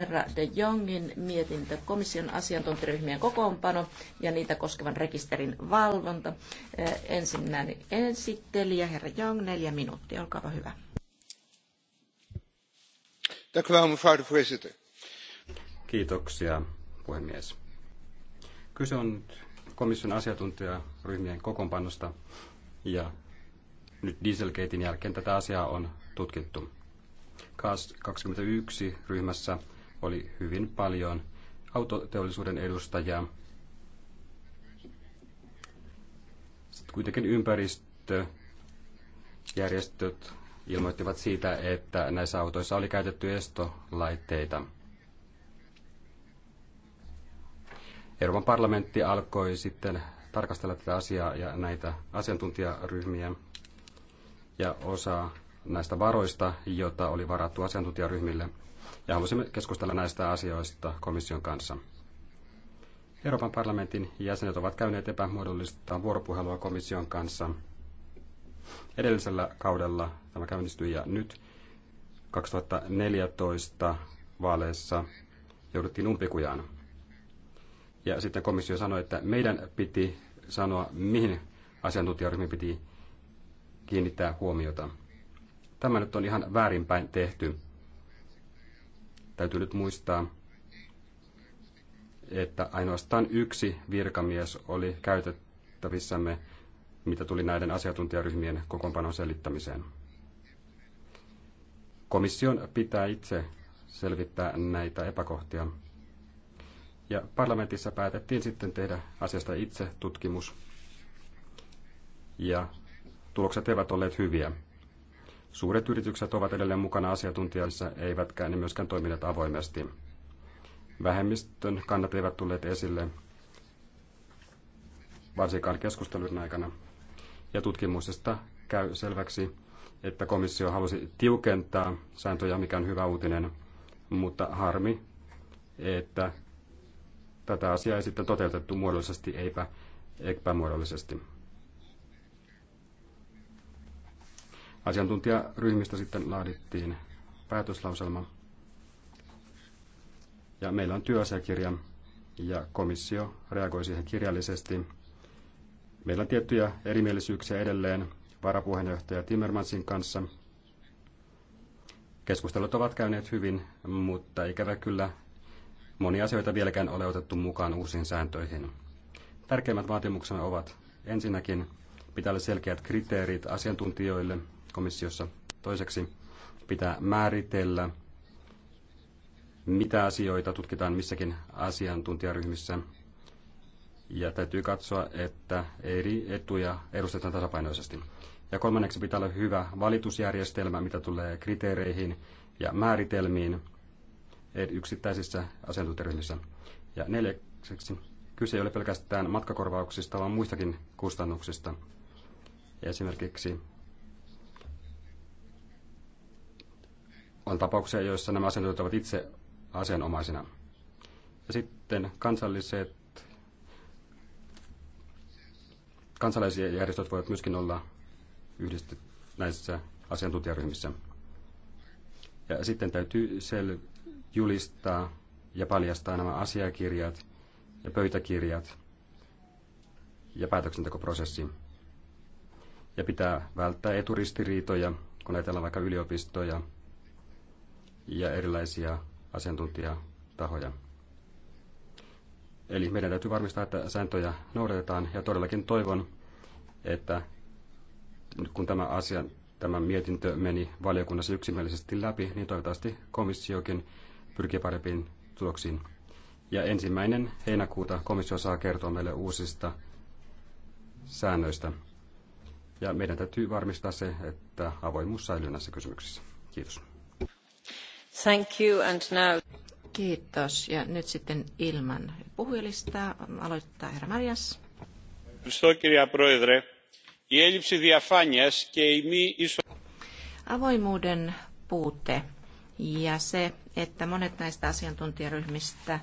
Herra De Jongin mietintö komission asiantuntijaryhmien kokoonpano ja niitä koskevan rekisterin valvonta. Eh, ensimmäinen esittelijä, herra Jong, neljä minuuttia, olkaa hyvä. Kiitoksia, puhemies. Kyse on komission asiantuntijaryhmien kokoonpanosta ja nyt Dieselgatein jälkeen tätä asiaa on tutkittu. 21 ryhmässä oli hyvin paljon autoteollisuuden edustajia. Sitten kuitenkin ympäristöjärjestöt ilmoittivat siitä, että näissä autoissa oli käytetty estolaitteita. Euroopan parlamentti alkoi sitten tarkastella tätä asiaa ja näitä asiantuntijaryhmiä ja osa näistä varoista, joita oli varattu asiantuntijaryhmille. Ja halusimme keskustella näistä asioista komission kanssa. Euroopan parlamentin jäsenet ovat käyneet epämuodollista vuoropuhelua komission kanssa. Edellisellä kaudella tämä käynnistyi ja nyt 2014 vaaleissa jouduttiin umpikujaan. Ja sitten komissio sanoi, että meidän piti sanoa, mihin asiantuntijaryhmiin piti kiinnittää huomiota. Tämä nyt on ihan väärinpäin tehty. Täytyy nyt muistaa, että ainoastaan yksi virkamies oli käytettävissämme, mitä tuli näiden asiantuntijaryhmien kokoonpanon selittämiseen. Komission pitää itse selvittää näitä epäkohtia. Ja parlamentissa päätettiin sitten tehdä asiasta itse tutkimus. Ja tulokset eivät olleet hyviä. Suuret yritykset ovat edelleen mukana asiantuntijoissa, eivätkä ne myöskään toimineet avoimesti. Vähemmistön kannat eivät tulleet esille, varsinkaan keskustelun aikana. Ja tutkimuksesta käy selväksi, että komissio halusi tiukentaa sääntöjä, mikä on hyvä uutinen, mutta harmi, että tätä asiaa ei sitten toteutettu muodollisesti, eipä epämuodollisesti. Asiantuntijaryhmistä sitten laadittiin päätöslauselma. Ja meillä on työasiakirja ja komissio reagoi siihen kirjallisesti. Meillä on tiettyjä erimielisyyksiä edelleen varapuheenjohtaja Timmermansin kanssa. Keskustelut ovat käyneet hyvin, mutta ikävä kyllä monia asioita vieläkään ole otettu mukaan uusiin sääntöihin. Tärkeimmät vaatimuksena ovat ensinnäkin pitää olla selkeät kriteerit asiantuntijoille komissiossa. Toiseksi pitää määritellä, mitä asioita tutkitaan missäkin asiantuntijaryhmissä. Ja täytyy katsoa, että eri etuja edustetaan tasapainoisesti. Ja kolmanneksi pitää olla hyvä valitusjärjestelmä, mitä tulee kriteereihin ja määritelmiin yksittäisissä asiantuntijaryhmissä. Ja neljäksi kyse ei ole pelkästään matkakorvauksista, vaan muistakin kustannuksista. Esimerkiksi on tapauksia, joissa nämä asiantuntijat ovat itse asianomaisina. Ja sitten kansalliset kansalaisjärjestöt voivat myöskin olla yhdistet näissä asiantuntijaryhmissä. Ja sitten täytyy sel julistaa ja paljastaa nämä asiakirjat ja pöytäkirjat ja päätöksentekoprosessi. Ja pitää välttää eturistiriitoja, kun ajatellaan vaikka yliopistoja – ja erilaisia asiantuntijatahoja. Eli meidän täytyy varmistaa, että sääntöjä noudatetaan ja todellakin toivon, että nyt kun tämä asia, tämä mietintö meni valiokunnassa yksimielisesti läpi, niin toivottavasti komissiokin pyrkii parempiin tuloksiin. Ja ensimmäinen heinäkuuta komissio saa kertoa meille uusista säännöistä. Ja meidän täytyy varmistaa se, että avoimuus säilyy näissä kysymyksissä. Kiitos. Thank you and now... Kiitos. Ja nyt sitten ilman puhujalistaa aloittaa herra Marias. Avoimuuden puute ja se, että monet näistä asiantuntijaryhmistä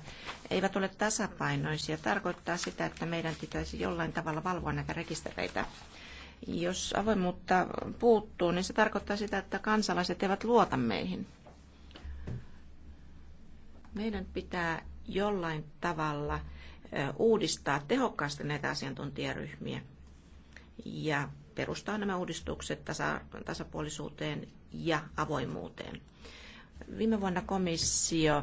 eivät ole tasapainoisia, tarkoittaa sitä, että meidän pitäisi jollain tavalla valvoa näitä rekistereitä. Jos avoimuutta puuttuu, niin se tarkoittaa sitä, että kansalaiset eivät luota meihin. Meidän pitää jollain tavalla uudistaa tehokkaasti näitä asiantuntijaryhmiä ja perustaa nämä uudistukset tasa, tasapuolisuuteen ja avoimuuteen. Viime vuonna komissio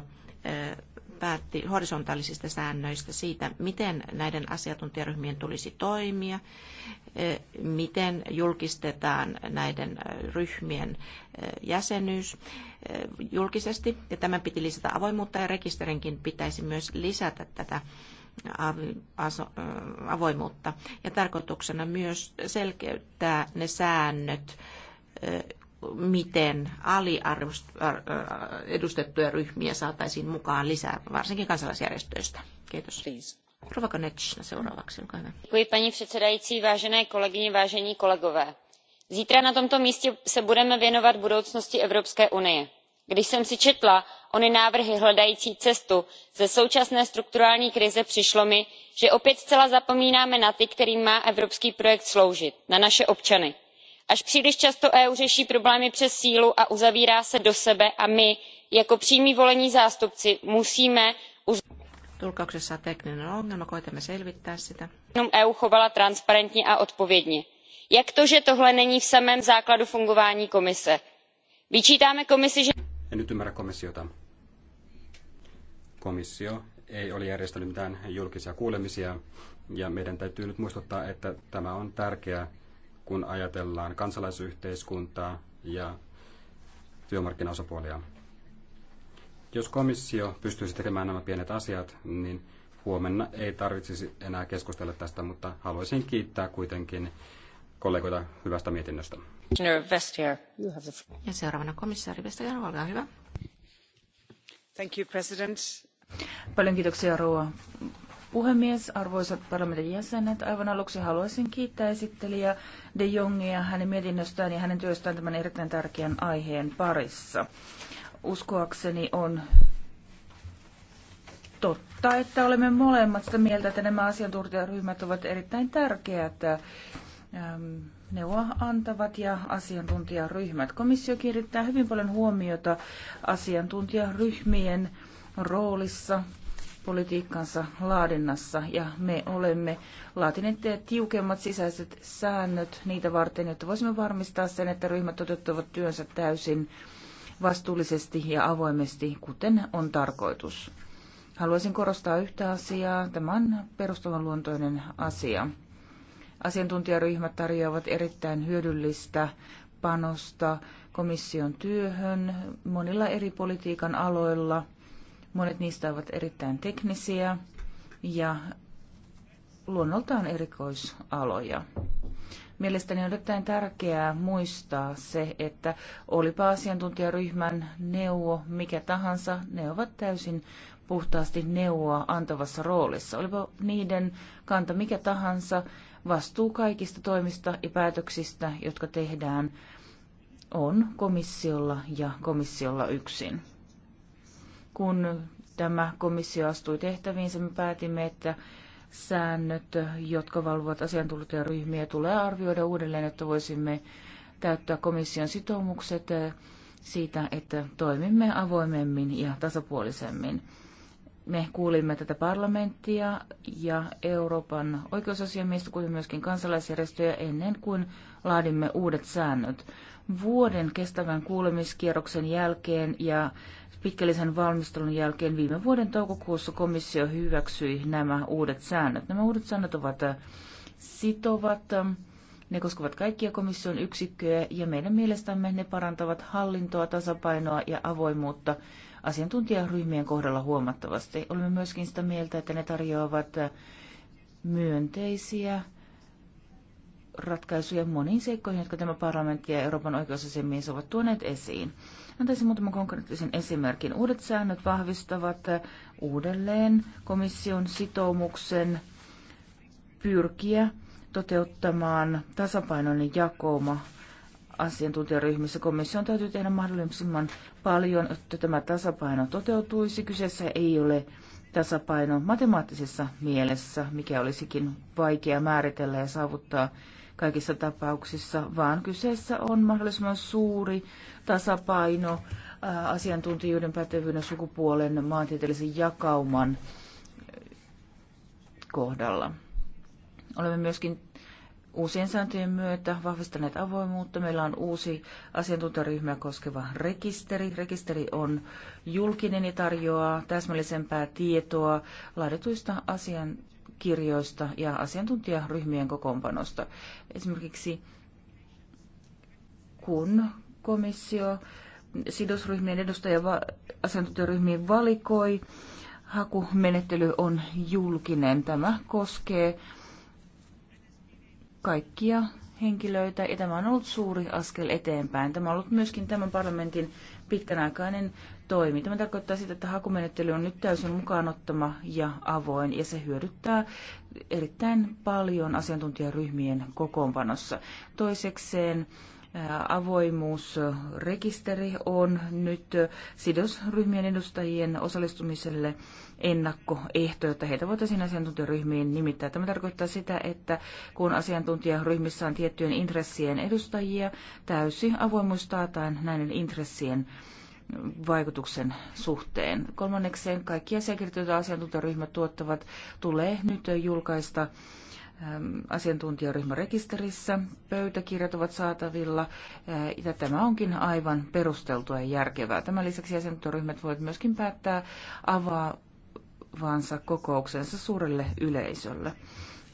päätti horisontaalisista säännöistä siitä, miten näiden asiantuntijaryhmien tulisi toimia, e, miten julkistetaan näiden e, ryhmien e, jäsenyys julkisesti. Ja tämän piti lisätä avoimuutta ja rekisterinkin pitäisi myös lisätä tätä avoimuutta. Ja tarkoituksena myös selkeyttää ne säännöt, miten aliedustettuja ryhmiä saataisiin mukaan lisää, varsinkin kansalaisjärjestöistä. Kiitos. Rova Konečna seuraavaksi, olkaa hyvä. Děkuji paní předsedající, vážené kolegyně, vážení kolegové. Zítra na tomto místě se budeme věnovat budoucnosti Evropské unie. Když jsem si četla ony návrhy hledající cestu ze současné strukturální krize, přišlo mi, že opět zcela zapomínáme na ty, kterým má evropský projekt sloužit, na naše občany až příliš často eu řeší problémy přes sílu a uzavírá se do sebe a my jako přímí volení zástupci musíme tulkkauksessa on tekninen ongelma koetamme selvittää sitä. eu e chovala transparentně a odpovědně. jak to že tohle není v samém základu fungování komise? vyčítáme komisi že. en nyt ymmärrä komissiota. komissio ei ole järjestänyt mitään julkisia kuulemisia ja meidän täytyy nyt muistuttaa, että tämä on tärkeä kun ajatellaan kansalaisyhteiskuntaa ja työmarkkinaosapuolia. Jos komissio pystyisi tekemään nämä pienet asiat, niin huomenna ei tarvitsisi enää keskustella tästä, mutta haluaisin kiittää kuitenkin kollegoita hyvästä mietinnöstä. Ja seuraavana komissaari Vestager, olkaa hyvä. Thank you, President. Paljon kiitoksia, rouva puhemies, arvoisat parlamentin jäsenet, aivan aluksi haluaisin kiittää esittelijä De Jongia hänen mietinnöstään ja hänen työstään tämän erittäin tärkeän aiheen parissa. Uskoakseni on totta, että olemme molemmat sitä mieltä, että nämä asiantuntijaryhmät ovat erittäin tärkeät ähm, neuvoa antavat ja asiantuntijaryhmät. Komissio kiinnittää hyvin paljon huomiota asiantuntijaryhmien roolissa politiikkansa laadinnassa ja me olemme laatineet tiukemmat sisäiset säännöt niitä varten, jotta voisimme varmistaa sen, että ryhmät toteuttavat työnsä täysin vastuullisesti ja avoimesti, kuten on tarkoitus. Haluaisin korostaa yhtä asiaa. Tämä on perustavanluontoinen asia. Asiantuntijaryhmät tarjoavat erittäin hyödyllistä panosta komission työhön monilla eri politiikan aloilla – Monet niistä ovat erittäin teknisiä ja luonnoltaan erikoisaloja. Mielestäni on erittäin tärkeää muistaa se, että olipa asiantuntijaryhmän neuvo mikä tahansa, ne ovat täysin puhtaasti neuvoa antavassa roolissa. Olipa niiden kanta mikä tahansa, vastuu kaikista toimista ja päätöksistä, jotka tehdään, on komissiolla ja komissiolla yksin kun tämä komissio astui tehtäviinsä, me päätimme, että säännöt, jotka valvovat asiantuntijaryhmiä, tulee arvioida uudelleen, että voisimme täyttää komission sitoumukset siitä, että toimimme avoimemmin ja tasapuolisemmin me kuulimme tätä parlamenttia ja Euroopan oikeusasiamiestä, kuten myöskin kansalaisjärjestöjä ennen kuin laadimme uudet säännöt. Vuoden kestävän kuulemiskierroksen jälkeen ja pitkällisen valmistelun jälkeen viime vuoden toukokuussa komissio hyväksyi nämä uudet säännöt. Nämä uudet säännöt ovat sitovat, ne koskevat kaikkia komission yksikköjä ja meidän mielestämme ne parantavat hallintoa, tasapainoa ja avoimuutta asiantuntijaryhmien kohdalla huomattavasti. Olemme myöskin sitä mieltä, että ne tarjoavat myönteisiä ratkaisuja moniin seikkoihin, jotka tämä parlamentti ja Euroopan oikeusasiamies ovat tuoneet esiin. Antaisin muutaman konkreettisen esimerkin. Uudet säännöt vahvistavat uudelleen komission sitoumuksen pyrkiä toteuttamaan tasapainoinen jakoma asiantuntijaryhmissä komission täytyy tehdä mahdollisimman paljon, että tämä tasapaino toteutuisi. Kyseessä ei ole tasapaino matemaattisessa mielessä, mikä olisikin vaikea määritellä ja saavuttaa kaikissa tapauksissa, vaan kyseessä on mahdollisimman suuri tasapaino äh, asiantuntijuuden, pätevyyden, sukupuolen, maantieteellisen jakauman kohdalla. Olemme myöskin uusien sääntöjen myötä vahvistaneet avoimuutta. Meillä on uusi asiantuntijaryhmä koskeva rekisteri. Rekisteri on julkinen ja tarjoaa täsmällisempää tietoa laadituista asiankirjoista ja asiantuntijaryhmien kokoonpanosta. Esimerkiksi kun komissio sidosryhmien edustajia asiantuntijaryhmiin valikoi, hakumenettely on julkinen. Tämä koskee kaikkia henkilöitä, ja tämä on ollut suuri askel eteenpäin. Tämä on ollut myöskin tämän parlamentin pitkänaikainen toimi. Tämä tarkoittaa sitä, että hakumenettely on nyt täysin mukaanottama ja avoin, ja se hyödyttää erittäin paljon asiantuntijaryhmien kokoonpanossa. Toisekseen avoimuusrekisteri on nyt sidosryhmien edustajien osallistumiselle ennakkoehto, jotta heitä voitaisiin asiantuntijaryhmiin nimittää. Tämä tarkoittaa sitä, että kun asiantuntijaryhmissä on tiettyjen intressien edustajia, täysi avoimuus taataan näiden intressien vaikutuksen suhteen. Kolmannekseen kaikki asiakirjat, joita asiantuntijaryhmät tuottavat, tulee nyt julkaista asiantuntijaryhmärekisterissä. Pöytäkirjat ovat saatavilla. Ja tämä onkin aivan perusteltua ja järkevää. Tämän lisäksi asiantuntijaryhmät voivat myöskin päättää avaavansa kokouksensa suurelle yleisölle.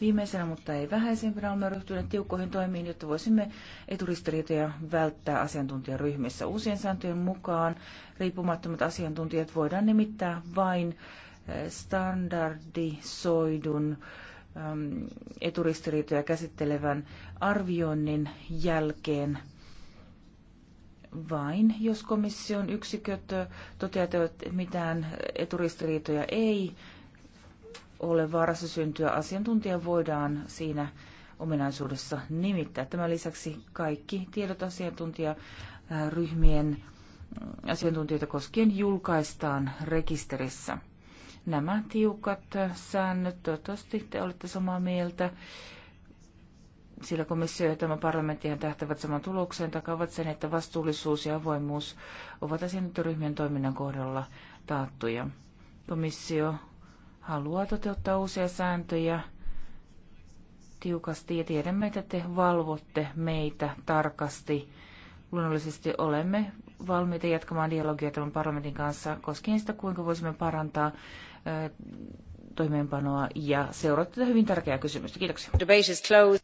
Viimeisenä, mutta ei vähäisempänä, olemme ryhtyneet tiukkoihin toimiin, jotta voisimme eturistiriitoja välttää asiantuntijaryhmissä. Uusien sääntöjen mukaan riippumattomat asiantuntijat voidaan nimittää vain standardisoidun äh, Ähm, eturistiriitoja käsittelevän arvioinnin jälkeen vain, jos komission yksiköt toteavat, että mitään eturistiriitoja ei ole vaarassa syntyä, asiantuntija voidaan siinä ominaisuudessa nimittää. Tämän lisäksi kaikki tiedot asiantuntijaryhmien asiantuntijoita koskien julkaistaan rekisterissä nämä tiukat säännöt. Toivottavasti te olette samaa mieltä, sillä komissio ja tämä parlamentti tähtävät saman tulokseen, takavat sen, että vastuullisuus ja avoimuus ovat asiantuntijaryhmien toiminnan kohdalla taattuja. Komissio haluaa toteuttaa uusia sääntöjä tiukasti ja tiedämme, että te valvotte meitä tarkasti luonnollisesti olemme valmiita jatkamaan dialogia tämän parlamentin kanssa koskien sitä, kuinka voisimme parantaa toimeenpanoa ja seurata tätä hyvin tärkeää kysymystä. Kiitoksia.